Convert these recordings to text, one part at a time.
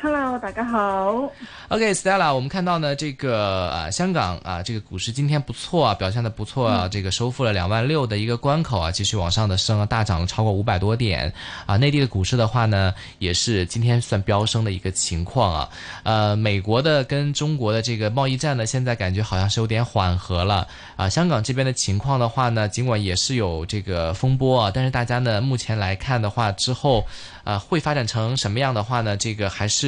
Hello，大家好。OK，Stella，okay，我們看到呢，這個啊，香港啊，這個股市今天不錯啊，表現的不錯啊，這個收復了兩萬六的一個關口啊，繼續往上的升啊，大漲了超過五百多點啊。內地的股市的話呢，也是今天算飆升的一個情況啊。呃、啊，美國的跟中國的這個貿易戰呢，現在感覺好像是有點緩和了啊。香港這邊的情況的話呢，盡管也是有這個風波啊，但是大家呢，目前來看的話，之後，呃、啊，會發展成什麼樣的話呢，這個還是。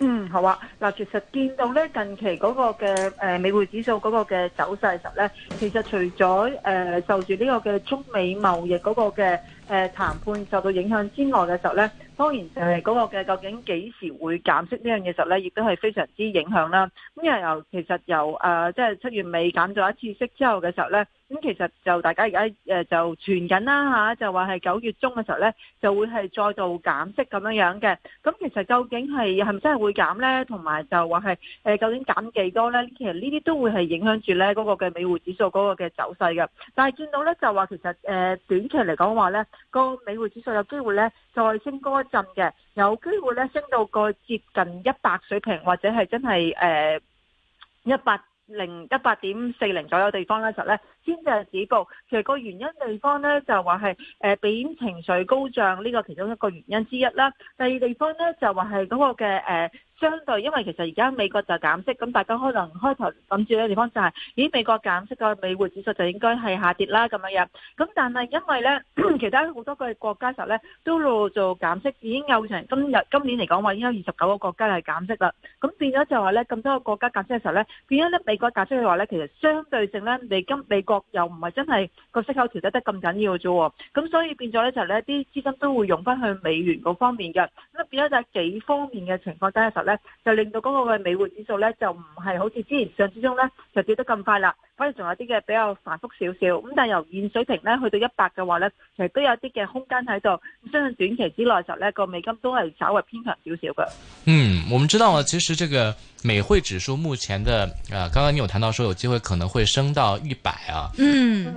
嗯，好啊。嗱，其實見到咧近期嗰個嘅美匯指數嗰個嘅走勢嘅時候咧，其實除咗誒受住呢個嘅中美貿易嗰個嘅誒談判受到影響之外嘅時候咧，當然就係嗰個嘅究竟幾時會減息呢樣嘢時候咧，亦都係非常之影響啦。咁因為由其實由誒即係七月尾減咗一次息之後嘅時候咧。咁其實就大家而家誒就傳緊啦嚇，就話係九月中嘅時候咧，就會係再度減息咁樣樣嘅。咁其實究竟係係咪真係會減咧？同埋就話係誒究竟減幾多咧？其實呢啲都會係影響住咧嗰個嘅美匯指數嗰個嘅走勢嘅。但係見到咧，就話其實誒短期嚟講話咧，個美匯指數有機會咧再升高一陣嘅，有機會咧升到個接近一百水平或者係真係誒一百零一百點四零左右地方咧就咧。先就係止步，其實個原因地方咧就話係誒避險情緒高漲，呢個其中一個原因之一啦。第二地方咧就話係嗰個嘅誒、呃、相對，因為其實而家美國就減息，咁大家可能開頭諗住呢嘅地方就係、是，咦美國減息個美匯指數就應該係下跌啦咁樣嘅。咁但係因為咧，其他好多嘅國家時候咧都路路做做減息，已經有成今日今年嚟講話已經有二十九個國家係減息啦。咁變咗就話咧咁多個國家減息嘅時候咧，變咗咧美國減息嘅話咧，其實相對性咧，你今美國。又唔係真係個息口調低得咁緊要啫，咁所以變咗咧就係咧啲資金都會用翻去美元嗰方面嘅，咁變咗就幾方面嘅情況底下時呢，實咧就令到嗰個嘅美匯指數咧就唔係好似之前上次中咧就跌得咁快啦。可以仲有啲嘅比較繁複少少，咁但係由現水平咧去到一百嘅話咧，其實都有啲嘅空間喺度。相信短期之內就咧個美金都係稍微偏強少少嘅。嗯，我們知道啊，其實這個美匯指數目前的啊，呃，剛剛你有談到說有機會可能會升到一百啊。嗯，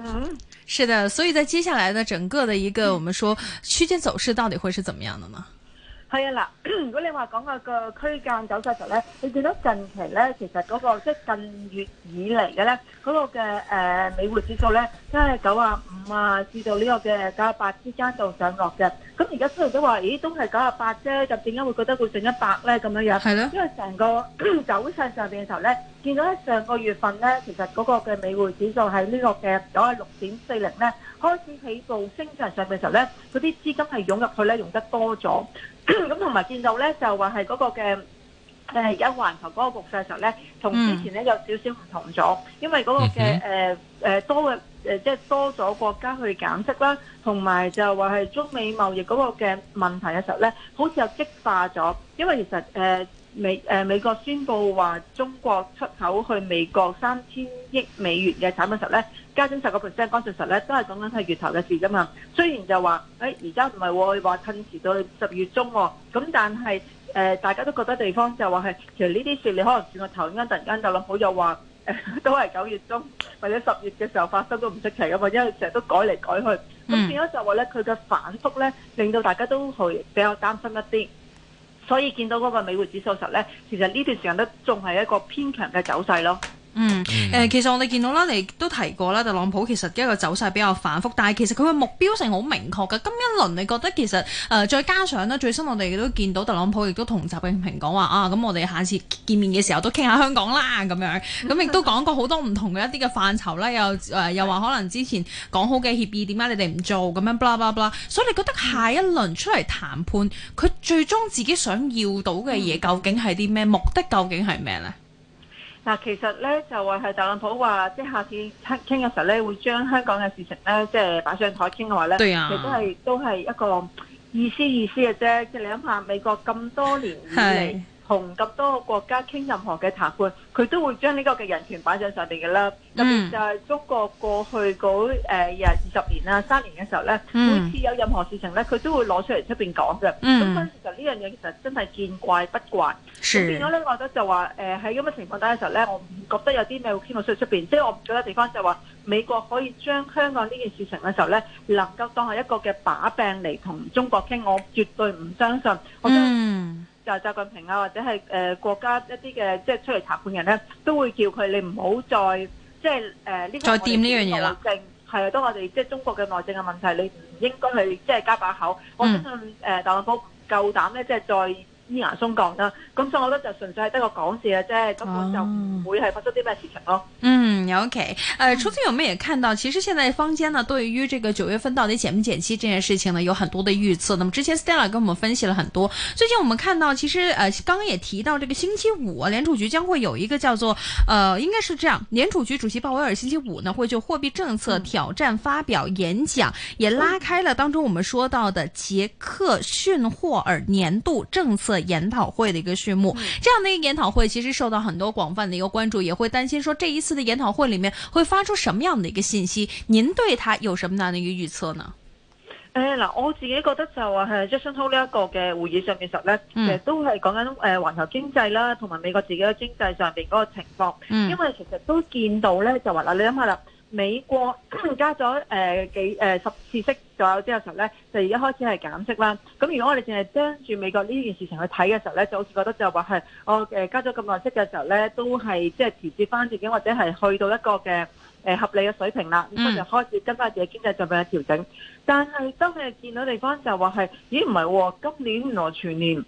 是的，所以在接下來呢，整個的一個，我們說區間走勢到底會是怎麼樣的呢？係啊，嗱，如果你話講個個區間走勢嘅時候咧，你見到近期咧，其實嗰個即係近月以嚟嘅咧，嗰個嘅誒美匯指數咧，即係九啊五啊至到呢個嘅九啊八之間度上落嘅。咁而家雖然都話，咦，都係九啊八啫，就點解會覺得會升一百咧咁樣樣？係咯。因為成個走勢上邊嘅時候咧，見到喺上個月份咧，其實嗰個嘅美匯指數係呢個嘅九啊六點四零咧，開始起步升上上嘅時候咧，嗰啲資金係湧入去咧，用得多咗。咁同埋見到咧，就話係嗰個嘅誒、呃、一環球嗰個局勢嘅時候咧，同之前咧有少少唔同咗，因為嗰個嘅誒誒多嘅誒，即、呃、係多咗國家去減息啦，同埋就話係中美貿易嗰個嘅問題嘅時候咧，好似又激化咗，因為其實誒。呃美誒、呃、美國宣布話中國出口去美國三千億美元嘅產品實咧，加緊十個 percent。講實在實咧，都係講緊係月頭嘅事噶嘛。雖然就話誒而家唔係話延遲到十月中喎、哦，咁但係誒、呃、大家都覺得地方就話係其實呢啲事你可能轉個頭，依家突然間就諗好又話誒都係九月中或者十月嘅時候發生都唔出奇噶嘛，因為成日都改嚟改去，咁變咗就話咧佢嘅反覆咧令到大家都係比較擔心一啲。所以見到嗰個美匯指數實呢，其實呢段時間都仲係一個偏強嘅走勢囉。嗯，誒、嗯呃，其實我哋見到啦，你都提過啦，特朗普其實一個走勢比較反覆，但係其實佢嘅目標性好明確噶。今一輪你覺得其實誒、呃，再加上呢，最新我哋亦都見到特朗普亦都同習近平講話啊，咁我哋下次見面嘅時候都傾下香港啦咁樣，咁亦都講過好多唔同嘅一啲嘅範疇啦，又誒、呃、又話可能之前講好嘅協議點解你哋唔做咁樣，blah blah blah。所以你覺得下一輪出嚟談判，佢最終自己想要到嘅嘢究竟係啲咩？嗯、目的究竟係咩呢？嗱，其實咧就話係特朗普話，即係下次傾嘅時候咧，會將香港嘅事情咧，即係擺上台傾嘅話咧，佢對呀 都係都係一個意思意思嘅啫。即係你諗下，美國咁多年以嚟，同咁多個國家傾任何嘅談判，佢都會將呢個嘅人權擺上上邊嘅啦。特別、嗯、就係中國過去嗰二十年啦、三年嘅時候咧，嗯、每次有任何事情咧，佢都會攞出嚟出邊講嘅。咁所以其實呢樣嘢其實真係見怪不怪。咁變咗咧，我覺得就話誒喺咁嘅情況底下嘅時候咧，我唔覺得有啲咩會傾到出出邊。即、就、係、是、我唔覺得地方就話美國可以將香港呢件事情嘅時候咧，能夠當係一個嘅把柄嚟同中國傾。我絕對唔相信。我嗯。就習近平啊，或者係誒、呃、國家一啲嘅，即係出嚟談判人咧，都會叫佢你唔好再即係誒呢個掂呢樣嘢啦，係啊，當我哋即係中國嘅內政嘅問題，你唔應該去即係加把口。我相信誒特朗普唔夠膽咧，即係再。伊牙鬆講得。咁所以我覺得就純粹係得個講事嘅啫，根本就唔會係發生啲咩事情咯。嗯，OK，誒、呃，主持我們也看到，其實現在坊間呢對於這個九月份到底減唔減息這件事情呢有很多的預測。那麼之前 Stella 跟我們分析了很多，最近我們看到其實誒、呃、剛剛也提到，這個星期五啊、聯儲局將會有一個叫做誒、呃，應該是這樣，聯儲局主席鮑威爾星期五呢會就貨幣政策挑戰發表演講，也拉開了當中我們說到的捷克遜霍爾年度政策的研討會的一個序幕，這樣的一個研討會其實受到很多廣泛的一個關注，也會擔心說這一次的研討會裏面會發出什麼樣的一個信息？您對它有什麼樣的一個預測呢？誒、呃，嗱，我自己覺得就話係 Jackson Hole 呢一個嘅會議上面實咧，其實、嗯、都係講緊誒、呃、環球經濟啦，同埋美國自己嘅經濟上邊嗰個情況，嗯、因為其實都見到咧就話啦，你諗下啦。美國加咗誒、呃、幾誒、呃、十次息左右之後嘅時候咧，就而家開始係減息啦。咁如果我哋淨係將住美國呢件事情去睇嘅時候咧，就好似覺得就話係我加咗咁耐息嘅時候咧，都係即係調節翻自己或者係去到一個嘅、呃、合理嘅水平啦，咁、嗯、就開始跟返自己經濟上面嘅調整。但係當你見到地方就話係，咦唔係喎，今年原來全年。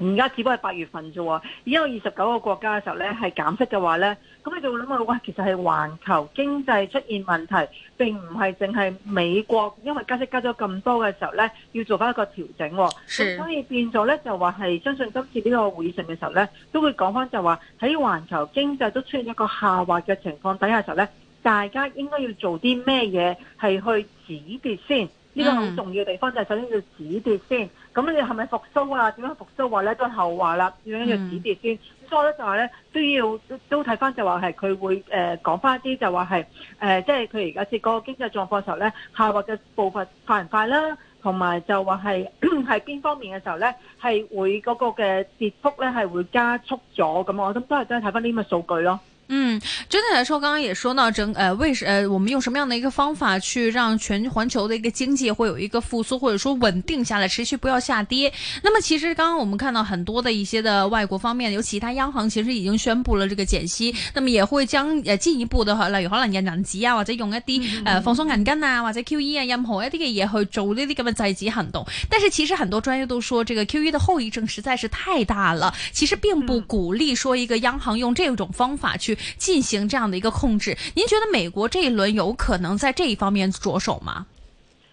而家只不過係八月份啫喎，而家有二十九個國家嘅時候咧係減息嘅話咧，咁你就會諗下，喂，其實係環球經濟出現問題，並唔係淨係美國，因為加息加咗咁多嘅時候咧，要做翻一個調整喎、哦。所以的變咗咧就話係相信今次呢個會議嘅時候咧，都會講翻就話喺環球經濟都出現一個下滑嘅情況底下嘅時候咧，大家應該要做啲咩嘢係去止跌先。呢、嗯、個好重要嘅地方就係首先要止跌先，咁你係咪復甦啊？點樣復甦話咧都係後話啦，點樣要止跌先？所以我咧就話咧都要都睇翻就話係佢會誒講翻啲就話係誒，即係佢而家即係嗰個經濟狀況嘅時候咧下滑嘅步伐快唔快啦？同埋就話係係邊方面嘅時候咧係會嗰、那個嘅跌幅咧係會加速咗咁，我諗都係真係睇翻呢啲咁嘅數據咯。嗯，整體來說，剛剛也說到，整呃為什呃我們用什麼樣的一個方法去讓全球的一個經濟會有一個復甦，或者說穩定下來，持續不要下跌？那麼其實剛剛我們看到很多的一些的外國方面，尤其他央行其實已經宣布了這個減息，那麼也會將呃進一步的，例如可能印銀紙啊，或者用一啲呃放鬆銀根啊，或者 QE 啊，任何一啲也會去做呢個咁嘅制止行動。但是其實很多專家都說，這個 QE 的後遺症實在是太大了，其實並不鼓勵說一個央行用這種方法去。進行這樣的一個控制，您覺得美國這一輪有可能在這一方面着手嗎？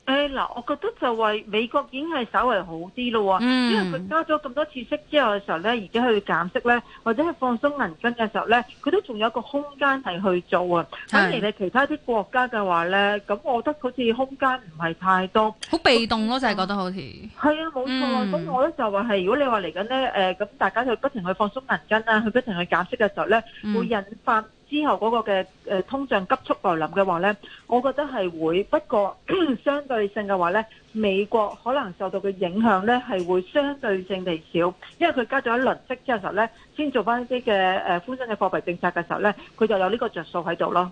誒，嗱、欸，我覺得就話美國已經係稍微好啲咯，嗯、因為佢加咗咁多次息之後嘅時候咧，而家去減息咧，或者係放鬆銀根嘅時候咧，佢都仲有一個空間係去做啊。反是而你其他啲國家嘅話咧，咁我覺得好似空間唔係太多，好被動咯，就係我、啊、覺得好似。係啊，冇錯。咁、嗯、我咧就話係，如果你話嚟緊咧，誒、呃，咁大家就不停去放鬆銀根啊，去不停去減息嘅時候咧，嗯、會引發。之後嗰個嘅誒通脹急速來臨嘅話咧，我覺得係會，不過 相對性嘅話咧，美國可能受到嘅影響咧係會相對性地少，因為佢加咗一輪息之後嘅時候咧，先做翻一啲嘅誒寬鬆嘅貨幣政策嘅時候咧，佢就有呢個着數喺度咯。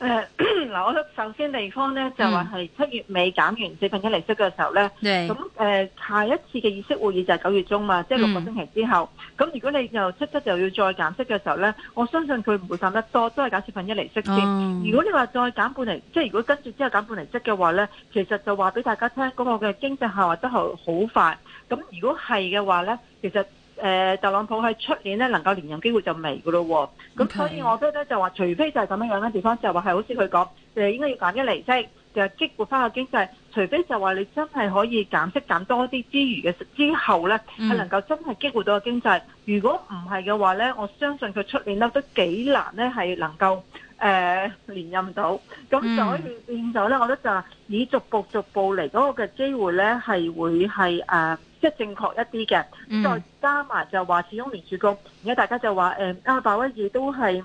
誒、嗱、呃，我首先地方咧，就話係七月尾減完四分一厘息嘅時候咧，咁誒對、嗯、下一次嘅議息會議就係九月中嘛，即係六個星期之後。咁、嗯、如果你又即刻就要再減息嘅時候咧，我相信佢唔會減得多，都係減四分一厘息先。嗯、如果你話再減半厘，即係如果跟住之後減半厘息嘅話咧，其實就話俾大家聽嗰、那個嘅經濟下滑得係好快。咁如果係嘅話咧，其實。誒、呃，特朗普喺出年咧能夠連任機會就微㗎咯喎，咁 Okay. 所以我覺得就話、就是，除非就係咁樣樣嘅地方，就話係好似佢講，誒應該要減一厘息，就激活翻個經濟。除非就話你真係可以減息減多啲之餘嘅之後咧，係能夠真係激活到個經濟。如果唔係嘅話咧，我相信佢出年咧都幾難咧係能夠。誒、呃，連任到，咁就可以變咗咧。嗯、我覺得就是、以逐步逐步嚟嗰個嘅機會咧，係會係誒，即、呃、係、就是、正確一啲嘅。嗯、再加埋就話始終連住局，而家大家就話誒，阿、呃、鮑威爾都係，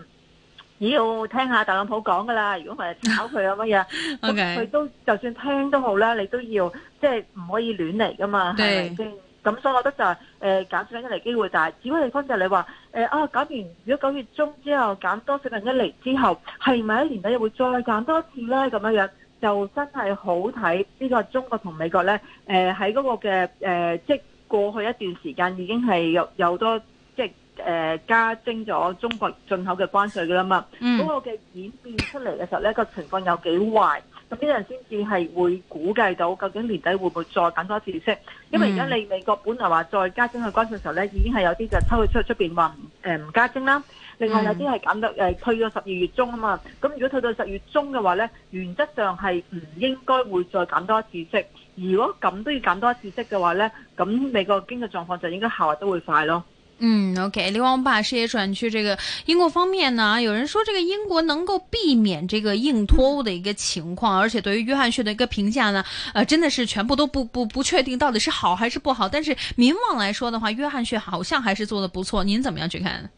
要聽下特朗普講噶啦。如果唔係炒佢啊乜嘢，佢 Okay. 都就算聽都好啦。你都要即係唔可以亂嚟噶嘛，係對咁、嗯、所以我覺得就係、是、誒、呃、減少緊一嚟機會，但係只不過講就係你話誒、呃、啊減完，如果九月中之後減多少份一嚟之後，係咪一年底又會再減多一次咧？咁樣樣就真係好睇呢個中國同美國咧誒喺嗰個嘅誒、呃，即係過去一段時間已經係有有多即係、呃、加徵咗中國進口嘅關稅噶啦嘛，嗰個嘅演變出嚟嘅時候咧，個情況有幾壞。咁呢樣先至係會估計到究竟年底會唔會再減多一次息，因為而家你美國本來話再加徵去關稅嘅時候咧，已經係有啲就抽去出出邊話誒唔加徵啦。另外有啲係減到誒、呃、退到十二月中啊嘛，咁如果退到十月中嘅話咧，原則上係唔應該會再減多一次息。如果咁都要減多一次息嘅話咧，咁美國經濟狀況就應該下滑都會快咯。嗯，OK。另外，我把視野轉去這個英國方面呢，有人說這個英國能夠避免這個硬脱歐的一個情況，而且對於約翰遜的一個評價呢，呃，真的是全部都不不不確定到底是好還是不好。但是民望來說的話，約翰遜好像還是做得不錯。您怎麼樣去看呢？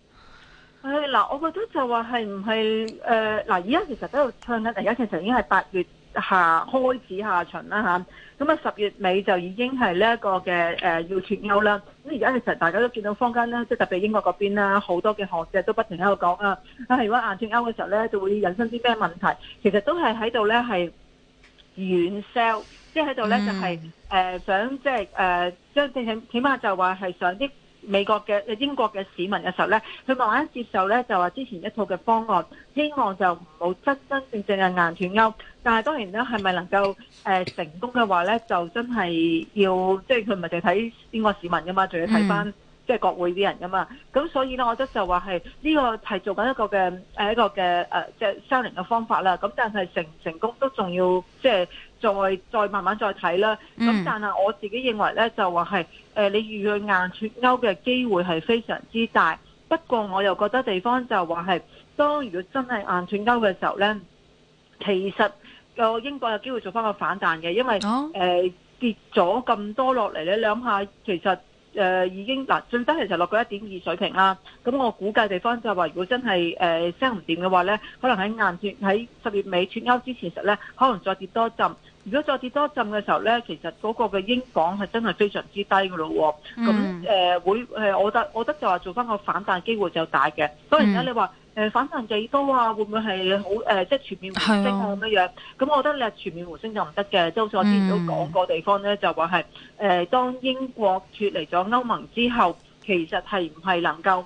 哎，嗱，我覺得就話係唔係，誒、呃，嗱，而家其實都有聽緊，而家其實已經係八月下開始下旬啦，吓、啊。咁啊，十月尾就已經係呢一個嘅、呃、要脱歐啦。咁而家其實大家都見到坊間啦，即特別英國嗰邊啦，好多嘅學者都不停喺度講啊。啊，如果硬脱歐嘅時候咧，就會引申啲咩問題？其實都係喺度咧，係軟 sell，即係喺度咧，就係、是、誒、就是嗯呃、想即係誒，即、呃、正起碼就話係想啲。美國嘅、英國嘅市民嘅時候咧，佢慢慢接受咧，就話之前一套嘅方案，希望就唔好真真正正嘅硬脫歐。但係當然咧，係咪能夠誒、呃、成功嘅話咧，就真係要即係佢唔係淨係睇英國市民噶嘛，仲要睇翻即係國會啲人噶嘛。咁所以咧，我覺得就話係呢個係做緊一個嘅誒一個嘅誒、呃呃、即係商量嘅方法啦。咁但係成唔成功都仲要即係。再再慢慢再睇啦。咁、嗯、但係我自己認為呢，就話係誒你預去硬脫鈎嘅機會係非常之大。不過我又覺得地方就話係，當如果真係硬脫鈎嘅時候呢，其實個英國有機會做翻個反彈嘅，因為誒、哦呃、跌咗咁多落嚟你諗下其實誒、呃、已經嗱，最、呃、低其實落過一點二水平啦、啊。咁我估計地方就話話，如果真係誒升唔掂嘅話呢，可能喺硬脫喺十月尾脫鈎之前實呢，可能再跌多一如果再跌多一陣嘅時候咧，其實嗰個嘅英鎊係真係非常之低嘅咯喎。咁誒、嗯嗯嗯、會誒，我覺得我覺得就話做翻個反彈機會就大嘅。當然啦，嗯、你話、呃、反彈幾多啊？會唔會係好、呃、即係全面回升啊？咁的樣咁、嗯嗯、我覺得你係全面回升就唔得嘅。即係好似我之前都講過地方咧，就話係誒，當英國脫離咗歐盟之後，其實係唔係能夠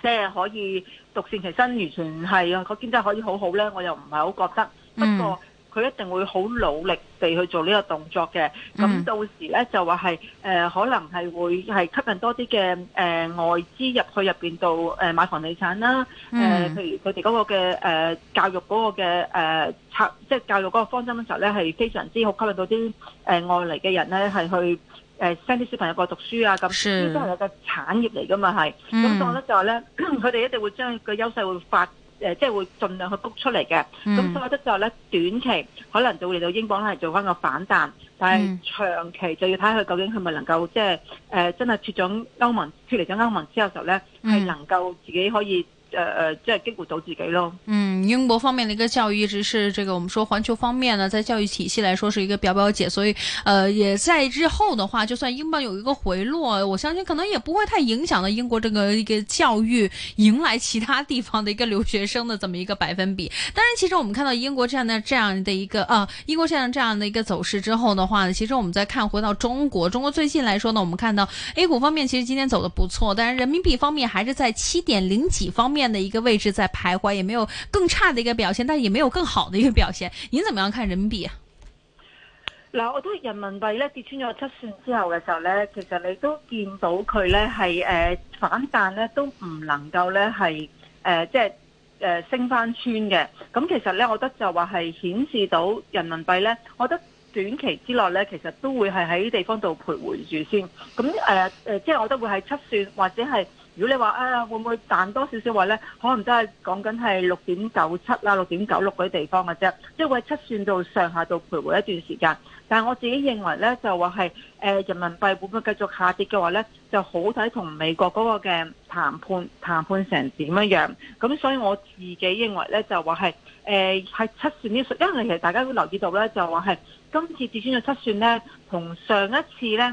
即係可以獨善其身，完全係啊個經濟可以好好咧？我又唔係好覺得。不過、嗯佢一定會好努力地去做呢個動作嘅，咁到時咧就話係誒，可能係會係吸引多啲嘅誒外資入去入邊度誒、呃、買房地產啦，誒、嗯呃、譬如佢哋嗰個嘅、呃、教育嗰個嘅誒策，即、呃、係、即係、教育嗰個方針嘅時候咧，係非常之好吸引到啲誒外嚟嘅人咧，係去誒 send 啲小朋友過嚟讀書啊，咁呢啲都係個產業嚟㗎嘛係，咁所以我覺得就係咧，佢哋一定會將佢個優勢會發。誒、呃、即係會盡量去谷出嚟嘅，咁、嗯嗯、所以我覺得就咧短期可能就會嚟到英鎊係做翻個反彈，嗯、但係長期就要睇下佢究竟係咪能夠即係誒真係脱咗歐盟脱離咗歐盟之後嘅時候咧，係、嗯、能夠自己可以。呃呃，即係兼顧到自己咯。嗯，英國方面的一個教育一直是這個，我們說環球方面呢，在教育體系來說是一個表表姐，所以呃也在日後的話，就算英鎊有一個回落，我相信可能也不會太影響到英國這個一個教育，迎來其他地方的一個留學生的這麼一個百分比。當然，其實我們看到英國這樣的這樣的一個啊，英國現在這樣的一個走勢之後的話呢，其實我們再看回到中國，中國最近來說呢，我們看到 A 股方面其實今天走的不錯，但是人民幣方面還是在七點零幾方面。的一個位置在徘徊，也沒有更差的一個表現，但也沒有更好的一個表現。你怎麼樣看人民幣啊？嗱，我覺得人民幣咧跌穿咗七算之後嘅時候咧，其實你都見到佢咧係誒反彈咧都唔能夠咧係誒即係誒、呃、升翻穿嘅。咁、嗯、其實咧，我覺得就話係顯示到人民幣咧，我覺得短期之內咧，其實都會係喺地方度徘徊住先。咁誒誒，即係我覺得會喺七算或者係。如果你話啊，會唔會彈多少少話咧？可能都係講緊係六點九七啦，六點九六嗰啲地方嘅啫，即係會七算到上下度徘徊一段時間。但係我自己認為咧，就話係誒人民幣會唔會繼續下跌嘅話咧，就好睇同美國嗰個嘅談判談判成點樣。咁所以我自己認為咧，就話係誒係七算呢。因為其實大家都留意到咧，就話係今次至穿咗七算咧，同上一次咧。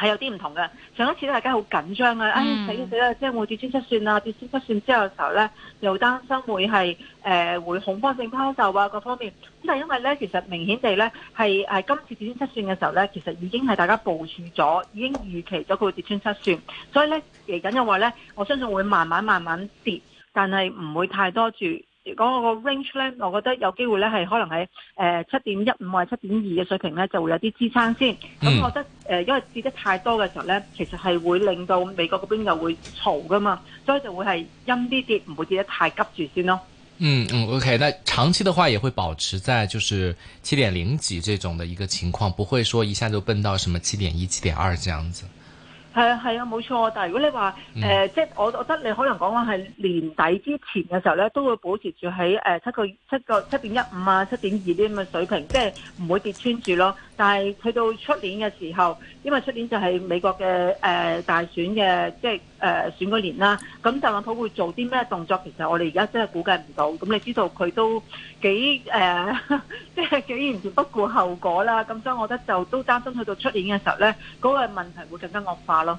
係有啲唔同嘅，上一次咧大家好緊張啊！嗯、哎死了死啦，即係會跌穿七算啊，跌穿七算之後嘅時候咧，又擔心會係、呃、會恐慌性拋售啊，各方面。咁但係因為咧，其實明顯地咧係今次跌穿七算嘅時候咧，其實已經係大家部署咗，已經預期咗佢會跌穿七算，所以咧嚟緊嘅話咧，我相信會慢慢慢慢跌，但係唔會太多住。如果我個 range 咧，我覺得有機會咧係可能喺誒七點一五或者七點二嘅水平咧就會有啲支撐先。咁我覺得誒、嗯呃，因為跌得太多嘅時候咧，其實係會令到美國嗰邊就會嘈噶嘛，所以就會係陰啲跌，唔會跌得太急住先咯。嗯嗯，OK，但長期的話也會保持在就是七點零幾這種嘅一個情況，不會說一下就崩到什麼七點一、七點二這樣子。係啊，係啊，冇錯。但係如果你話誒、嗯呃，即係我，我覺得你可能講話係年底之前嘅時候咧，都會保持住喺誒七個七個七點一五啊，七點二啲咁嘅水平，即係唔會跌穿住咯。但係去到出年嘅時候，因為出年就係美國嘅、呃、大選嘅，即係誒、呃、選嗰年啦。咁特朗普會做啲咩動作？其實我哋而家真係估計唔到。咁你知道佢都幾誒，即係幾完全不顧後果啦。咁所以，我覺得就都擔心去到出年嘅時候咧，嗰個問題會更加惡化咯。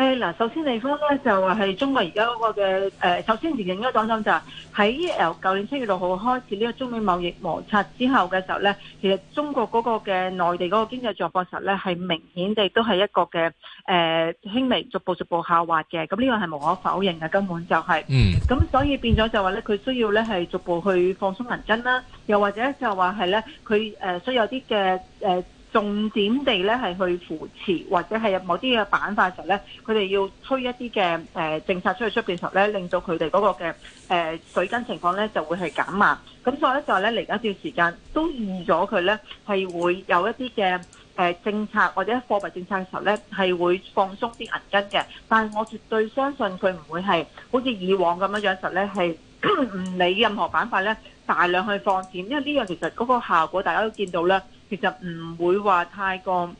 誒嗱，首先地方咧，就係、是、中國而家嗰個嘅誒、呃，首先要認一講先就係喺由舊年七月六號開始呢個中美貿易摩擦之後嘅時候咧，其實中國嗰個嘅內地嗰個經濟狀況實咧係明顯地都係一個嘅誒、呃、輕微逐步逐步下滑嘅，咁呢個係無可否認嘅，根本就係、是、嗯，咁所以變咗就話咧，佢需要咧係逐步去放鬆銀根啦，又或者就話係咧，佢誒需要有啲嘅誒。重點地咧，係去扶持或者係有某啲嘅板塊嘅時候咧，佢哋要推一啲嘅誒政策出去出邊嘅時候咧，令到佢哋嗰個嘅誒水根情況咧就會係減慢。咁所以咧就係咧嚟緊一段時間都預咗佢咧係會有一啲嘅誒政策或者是貨幣政策嘅時候咧係會放鬆啲銀根嘅，但係我絕對相信佢唔會係好似以往咁樣樣實咧係。唔理任何板塊咧，大量去放錢，因為呢樣其實嗰個效果大家都見到咧，其實唔會話太過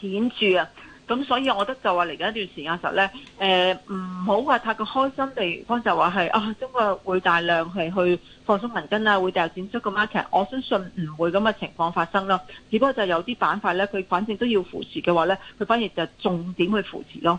顯著啊。咁所以，我覺得就話嚟緊一段時間時候咧，誒唔好話太過開心地方就話係啊，中國會大量係去放鬆銀根啊，會掉錢出個 market。我相信唔會咁嘅情況發生咯。只不過就有啲板塊咧，佢反正都要扶持嘅話咧，佢反而就重點去扶持咯。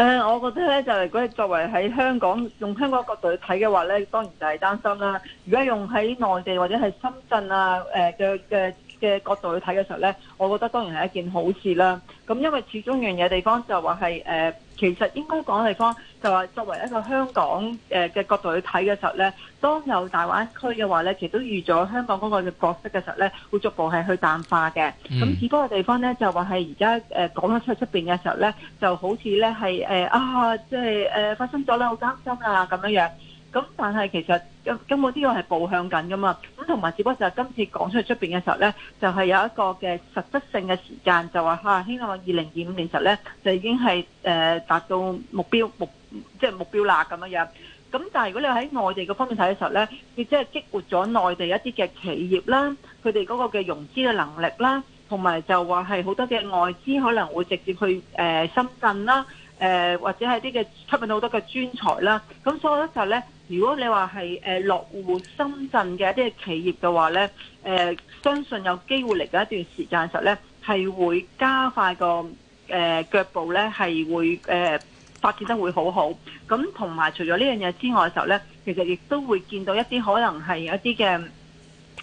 誒、呃，我覺得咧就係，如果作為喺香港用香港角度去睇嘅話咧，當然就係擔心啦。如果用喺內地或者係深圳啊，誒嘅嘅嘅角度去睇嘅時候咧，我覺得當然係一件好事啦。咁、嗯、因為始終樣嘢地方就話係誒。呃其實應該講嘅地方就話作為一個香港誒嘅角度去睇嘅時候咧，當有大灣區嘅話咧，其實都預咗香港嗰個嘅角色嘅時候咧，會逐步係去淡化嘅。咁、嗯、只不過地方咧就話係而家誒講咗出出邊嘅時候咧，就好似咧係誒啊，即係誒發生咗啦，好擔心呀咁樣樣。咁但係其實。咁根本呢個係步向緊噶嘛，咁同埋只不過就係今次講出去出邊嘅時候呢，就係、是、有一個嘅實質性嘅時間，就話嚇希望二零二五年實呢，就已經係誒、呃、達到目標目即係、就是、目標啦咁樣樣。咁但係如果你喺內地嘅方面睇嘅時候呢，亦即係激活咗內地一啲嘅企業啦，佢哋嗰個嘅融資嘅能力啦，同埋就話係好多嘅外資可能會直接去誒、呃、深圳啦，誒、呃、或者係啲嘅吸引好多嘅專才啦。咁所以呢就呢。如果你話係誒落戶深圳嘅一啲企業嘅話呢，誒、呃、相信有機會嚟緊一段時間嘅時候呢，係會加快個誒、呃、腳步呢，係會誒、呃、發展得會好好。咁同埋除咗呢樣嘢之外嘅時候呢，其實亦都會見到一啲可能係一啲嘅。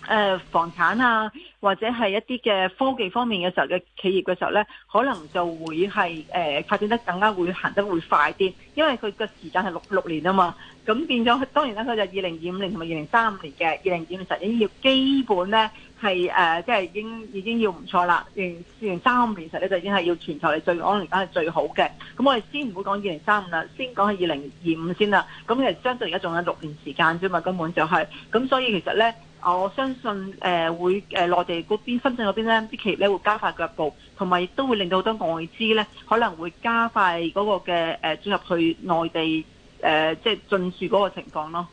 誒、呃、房產啊，或者係一啲嘅科技方面嘅時候嘅企業嘅時候咧，可能就會係誒、呃、發展得更加會行得會快啲，因為佢個時間係六六年啊嘛。咁變咗，當然啦，佢就二零二五年同埋二零三五年嘅二零二五年實業基本咧係誒，即係已經已經要唔、呃就是、錯啦。二零三五年實咧就已經係要全球嚟最講而家係最好嘅。咁我哋先唔會講二零三五啦，先講係二零二五先啦。咁其實，相對而家仲有六年時間啫嘛，根本就係、是、咁，那所以其實咧。我相信誒、呃、會誒、呃、內地嗰邊深圳嗰邊咧啲企業咧會加快腳步，同埋亦都會令到好多外資咧可能會加快嗰個嘅誒進入去內地誒、呃、即係進駐嗰個情況咯。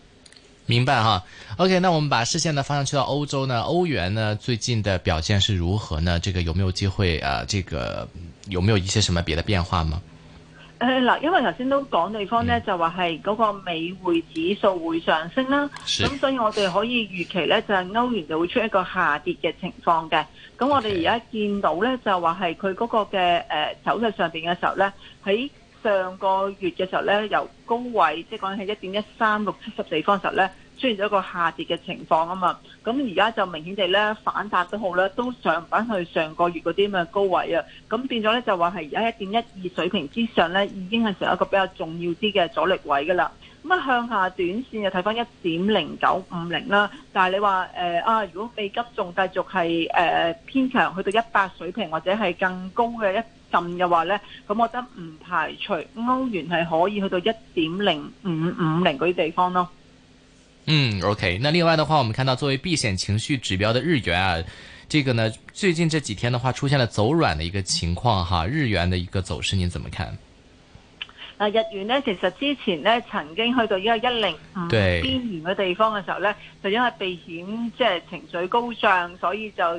明白哈，OK，那我們把視線呢方向去到歐洲呢？歐元呢最近的表現是如何呢？這個有沒有機會啊、呃？這個有沒有一些什麼別的變化嗎？誒嗱，因為頭先都講地方咧，就話係嗰個美匯指數會上升啦，咁的所以我哋可以預期咧，就係、是、歐元就會出一個下跌嘅情況嘅。咁我哋而家見到咧，就話係佢嗰個嘅誒走勢上邊嘅時候咧，喺上個月嘅時候咧，由高位即係講係一點一三六七十四方陣時候咧。出現咗一個下跌嘅情況啊嘛，咁而家就明顯地咧，反彈都好咧，都上翻去上個月嗰啲咁嘅高位啊，咁變咗咧，就話係喺一點一二水平之上咧，已經係成一個比較重要啲嘅阻力位噶啦。咁啊向下短線就睇翻一點零九五零啦，但係你話誒、呃、啊，如果被急凍繼續係誒、呃、偏強去到一百水平或者係更高嘅一浸嘅話咧，咁我覺得唔排除歐元係可以去到一點零五五零嗰啲地方咯。嗯，OK。那另外的話，我們看到作為避險情緒指標的日元啊，這個呢最近這幾天的話出現了走軟的一個情況哈，日元的一個走勢，您怎麼看？日元呢，其實之前呢曾經去到一個一零五邊緣嘅地方嘅時候呢，就因為避險即係情緒高漲，所以就誒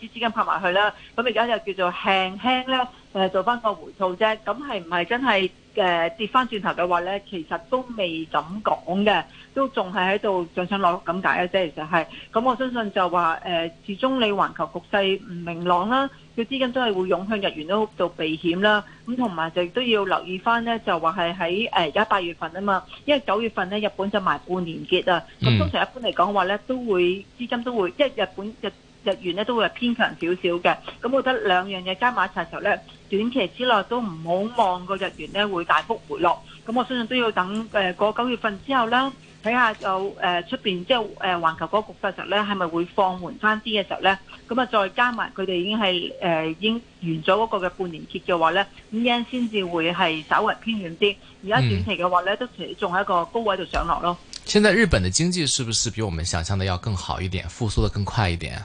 啲資金拍埋去啦。咁而家就叫做輕輕啦，做翻個回吐啫，咁係唔係真係？誒跌翻轉頭嘅話咧，其實都未咁講嘅，都仲係喺度上上落咁解嘅啫。其實係咁，我相信就話誒、呃，始終你環球局勢唔明朗啦，佢資金都係會湧向日元都做避險啦。咁同埋就亦都要留意翻咧，就話係喺誒而家八月份啊嘛，因為九月份咧日本就埋半年結啊，咁通常一般嚟講話咧都會資金都會，因為日本日日元咧都會偏強少少嘅，咁我覺得兩樣嘢加埋一齊嘅時候咧，短期之內都唔好望個日元咧會大幅回落。咁我相信都要等誒九、呃那個、月份之後啦，睇下就誒出邊即係誒環球嗰個局勢嘅時候咧，係咪會放緩翻啲嘅時候咧？咁啊再加埋佢哋已經係誒、呃、已經完咗嗰個嘅半年結嘅話咧，咁樣先至會係稍微偏軟啲。而家短期嘅話咧，嗯、都仲喺個高位度上落咯。現在日本嘅經濟是不是比我們想象的要更好一點，復甦得更快一點？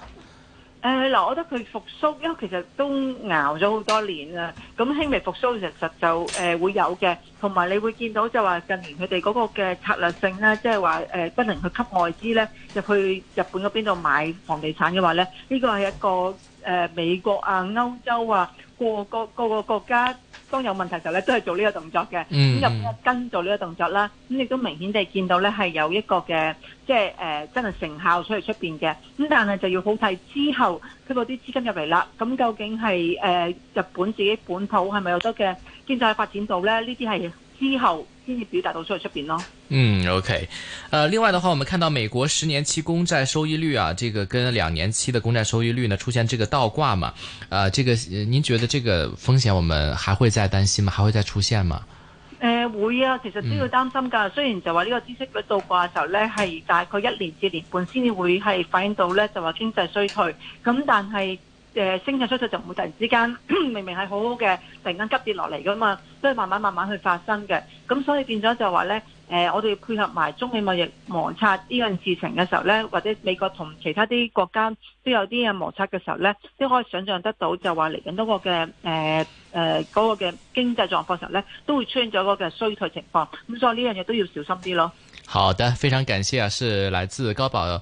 誒嗱、嗯，我覺得佢復甦，因為其實都熬咗好多年啦，咁輕微復甦，其實就誒、呃、會有嘅，同埋你會見到就話近年佢哋嗰個嘅策略性咧，即係話誒不能去吸外資咧入去日本嗰邊度買房地產嘅話咧，呢個係一個。誒、呃、美國啊、歐洲啊、各個各個國家當有問題的時候咧，都係做呢個動作嘅。咁日本跟做呢個動作啦，咁亦都明顯地見到咧係有一個嘅，即係誒、呃、真係成效出嚟出邊嘅。咁但係就要好睇之後佢嗰啲資金入嚟啦，咁究竟係誒、呃、日本自己本土係咪有多嘅經濟發展到咧？呢啲係之後。先至表達到出去出邊咯。嗯，OK、呃。另外的話，我們看到美國十年期公債收益率啊，這個跟兩年期的公債收益率呢，出現這個倒掛嘛。啊、呃，這個，您覺得這個風險我們還會再擔心嗎？還會再出現嗎？誒、呃，會啊，其實都要擔心噶。嗯、雖然就話呢個知識率倒掛嘅時候呢，係大概一年至一年半先至會係反映到呢，就話經濟衰退。咁但係。誒經濟衰退就唔會突然之間，明明係好好嘅，突然間急跌落嚟㗎嘛，都係慢慢慢慢去發生嘅。咁所以變咗就話咧，誒、呃、我哋配合埋中美貿易摩擦呢樣事情嘅時候咧，或者美國同其他啲國家都有啲嘅摩擦嘅時候咧，都可以想象得到就話嚟緊嗰個嘅誒誒嗰個嘅經濟狀況嘅時候咧，都會出現咗個嘅衰退情況。咁所以呢樣嘢都要小心啲咯。好的，非常感謝啊，是來自高寶。